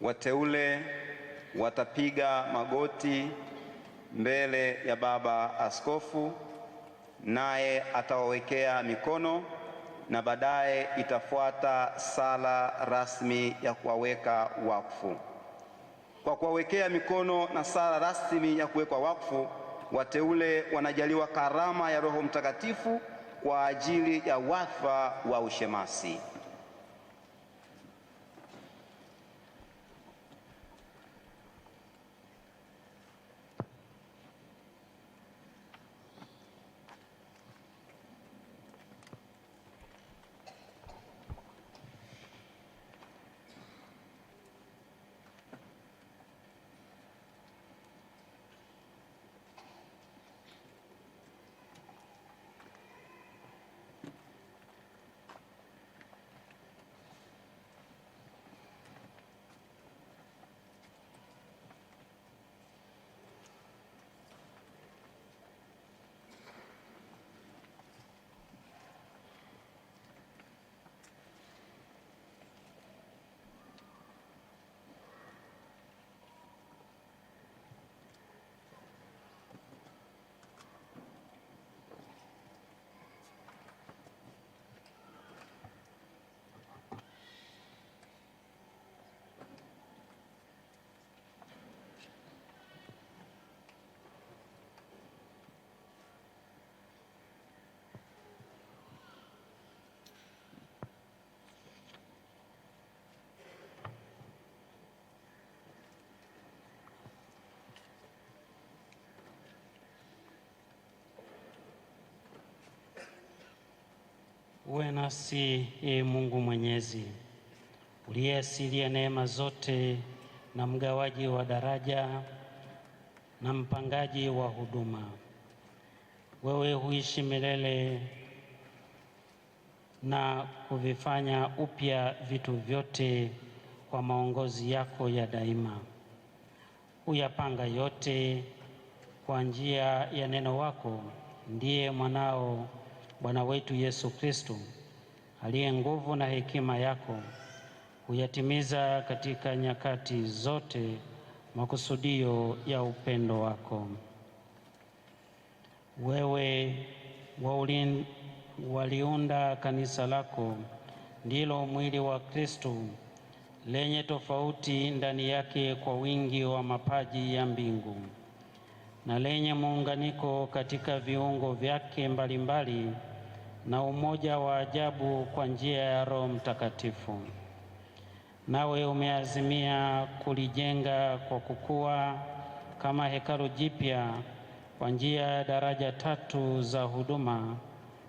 Wateule watapiga magoti mbele ya baba askofu, naye atawawekea mikono na baadaye itafuata sala rasmi ya kuwaweka wakfu. Kwa kuwawekea mikono na sala rasmi ya kuwekwa wakfu, wateule wanajaliwa karama ya Roho Mtakatifu kwa ajili ya wadhifa wa ushemasi. Uwe nasi e Mungu Mwenyezi, uliyeasilia neema zote na mgawaji wa daraja na mpangaji wa huduma. Wewe huishi milele na kuvifanya upya vitu vyote kwa maongozi yako ya daima. huyapanga yote kwa njia ya neno wako, ndiye mwanao Bwana wetu Yesu Kristo, aliye nguvu na hekima yako huyatimiza katika nyakati zote makusudio ya upendo wako. Wewe waulin, waliunda kanisa lako, ndilo mwili wa Kristo lenye tofauti ndani yake kwa wingi wa mapaji ya mbingu na lenye muunganiko katika viungo vyake mbalimbali mbali, na umoja wa ajabu kwa njia ya Roho Mtakatifu, nawe umeazimia kulijenga kwa kukua kama hekalu jipya kwa njia ya daraja tatu za huduma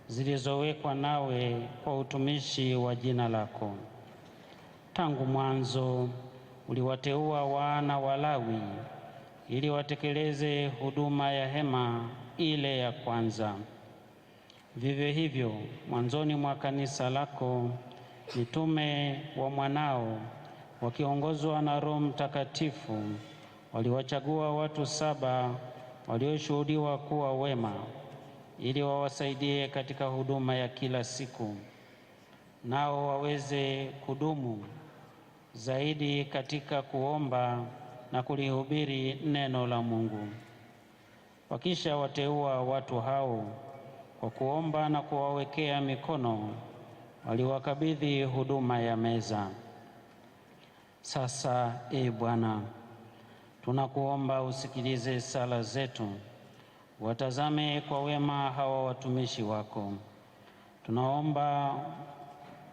zilizowekwa nawe kwa utumishi wa jina lako. Tangu mwanzo uliwateua wana wa Lawi ili watekeleze huduma ya hema ile ya kwanza. Vivyo hivyo mwanzoni mwa kanisa lako mitume wa mwanao wakiongozwa na Roho Mtakatifu waliwachagua watu saba walioshuhudiwa kuwa wema ili wawasaidie katika huduma ya kila siku, nao waweze kudumu zaidi katika kuomba na kulihubiri neno la Mungu. Wakisha wateua watu hao kwa kuomba na kuwawekea mikono waliwakabidhi huduma ya meza. Sasa e Bwana, tunakuomba usikilize sala zetu, watazame kwa wema hawa watumishi wako, tunaomba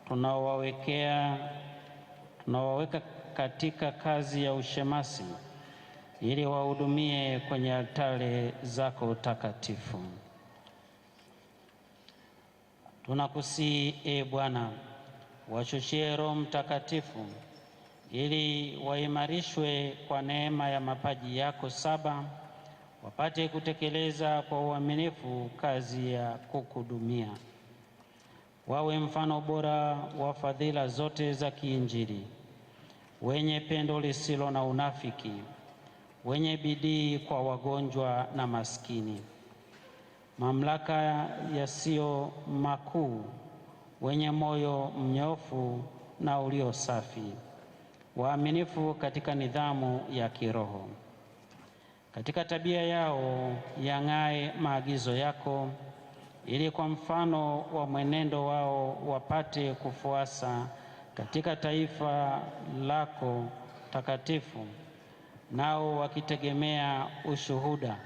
tunawawekea tunawaweka katika kazi ya ushemasi ili wahudumie kwenye altare zako takatifu tunakusii e Bwana, washushie Roho Mtakatifu ili waimarishwe kwa neema ya mapaji yako saba, wapate kutekeleza kwa uaminifu kazi ya kukudumia, wawe mfano bora wa fadhila zote za kiinjili, wenye pendo lisilo na unafiki, wenye bidii kwa wagonjwa na maskini mamlaka yasiyo makuu, wenye moyo mnyofu na ulio safi, waaminifu katika nidhamu ya kiroho. Katika tabia yao yang'ae maagizo yako, ili kwa mfano wa mwenendo wao wapate kufuasa katika taifa lako takatifu, nao wakitegemea ushuhuda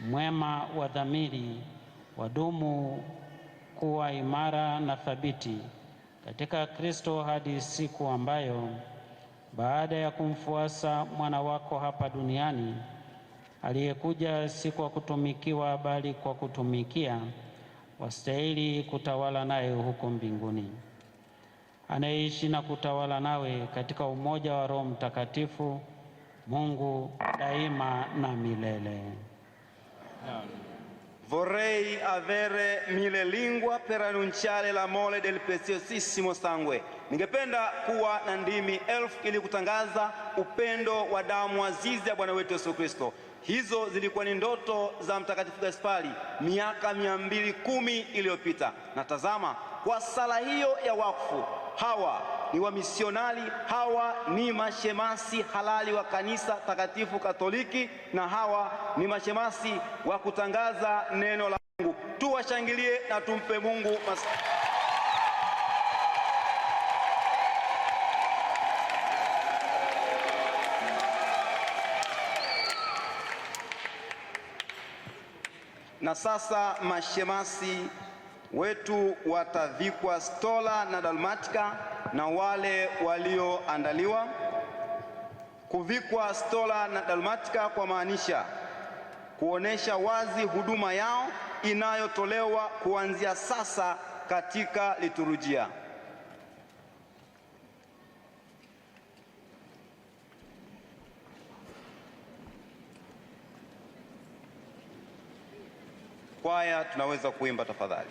mwema wa dhamiri, wadumu kuwa imara na thabiti katika Kristo hadi siku ambayo baada ya kumfuasa mwana wako hapa duniani aliyekuja si kwa kutumikiwa bali kwa kutumikia, wastahili kutawala naye huko mbinguni, anayeishi na kutawala nawe katika umoja wa Roho Mtakatifu, Mungu daima na milele. Vorrei avere mille lingua per annunciare l'amore del preziosissimo sangue, ningependa kuwa na ndimi elfu ili kutangaza upendo wa damu azizi ya Bwana wetu Yesu Kristo. Hizo zilikuwa ni ndoto za Mtakatifu Gaspari miaka mia mbili kumi iliyopita, na tazama kwa sala hiyo ya wakfu hawa ni wamisionari, hawa ni mashemasi halali wa kanisa takatifu Katoliki, na hawa ni mashemasi wa kutangaza neno la Mungu. Tuwashangilie na tumpe Mungu mas na sasa mashemasi wetu watavikwa stola na dalmatika na wale walioandaliwa, kuvikwa stola na dalmatika, kwa maanisha kuonesha wazi huduma yao inayotolewa kuanzia sasa katika liturujia. Kwaya tunaweza kuimba tafadhali.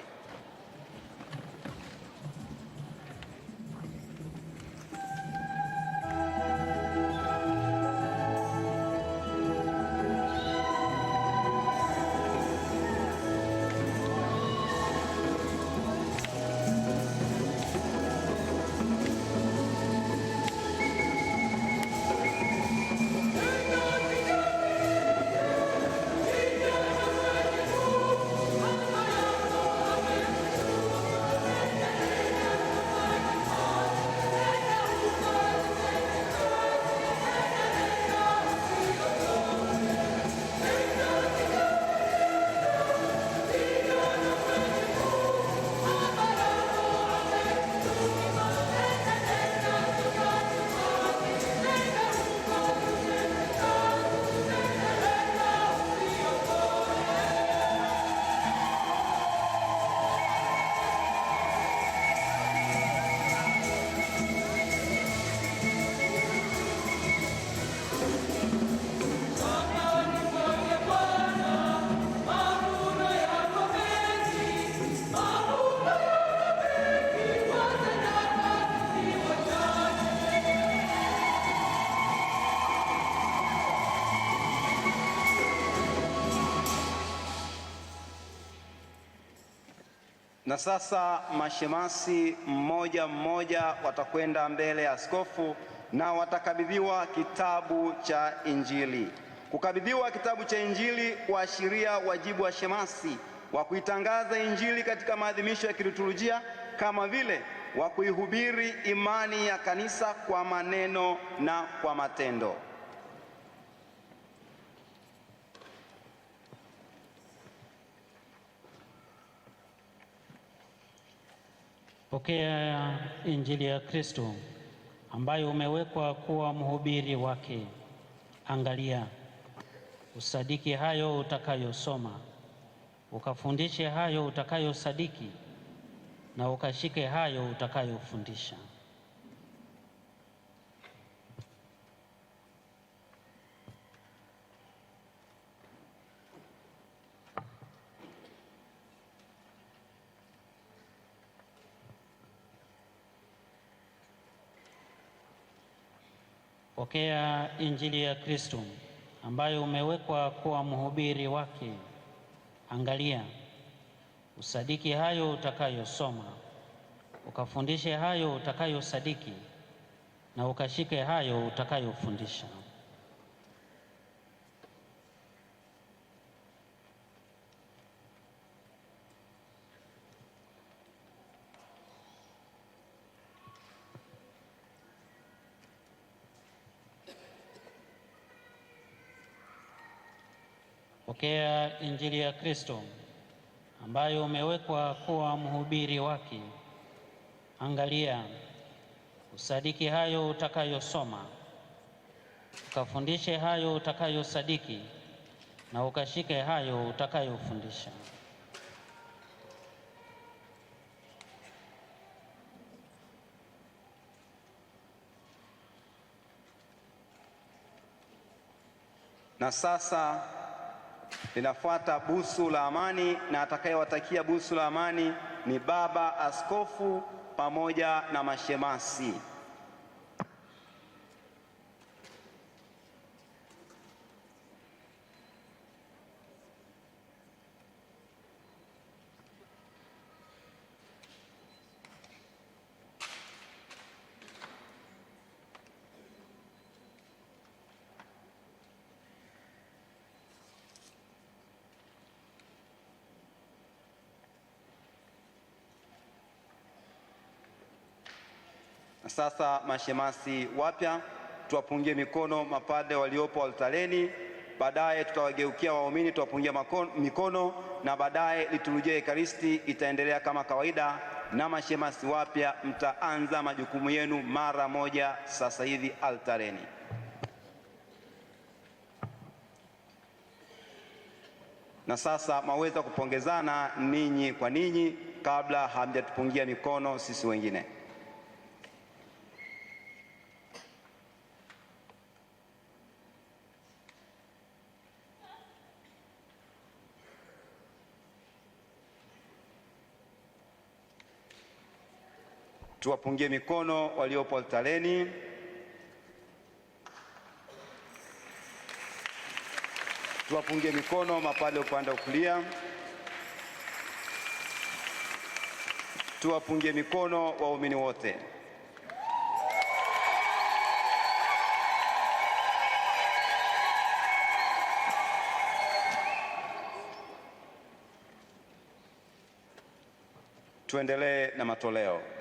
Na sasa mashemasi mmoja mmoja watakwenda mbele ya askofu na watakabidhiwa kitabu cha Injili. Kukabidhiwa kitabu cha Injili kuashiria wajibu wa shemasi wa kuitangaza Injili katika maadhimisho ya kiliturujia kama vile wa kuihubiri imani ya kanisa kwa maneno na kwa matendo. Pokea Injili ya Kristo ambayo umewekwa kuwa mhubiri wake. Angalia, usadiki hayo utakayosoma, ukafundishe hayo utakayosadiki, na ukashike hayo utakayofundisha. Pokea Injili ya Kristo ambayo umewekwa kuwa mhubiri wake. Angalia, usadiki hayo utakayosoma, ukafundishe hayo utakayosadiki, na ukashike hayo utakayofundisha. Pokea Injili ya Kristo ambayo umewekwa kuwa mhubiri wake. Angalia usadiki hayo utakayosoma, ukafundishe hayo utakayosadiki, na ukashike hayo utakayofundisha. Na sasa linafuata busu la amani, na atakayewatakia busu la amani ni Baba Askofu pamoja na mashemasi. Na sasa mashemasi wapya tuwapungie mikono mapadre waliopo altareni, baadaye tutawageukia waumini tuwapungia mikono, na baadaye liturujia ekaristi itaendelea kama kawaida. Na mashemasi wapya mtaanza majukumu yenu mara moja sasa hivi altareni. Na sasa mwaweza kupongezana ninyi kwa ninyi kabla hamjatupungia mikono sisi wengine. Tuwapungie mikono waliopo altareni. Tuwapungie mikono mapale upande wa kulia. Tuwapungie mikono waumini wote. Tuendelee na matoleo.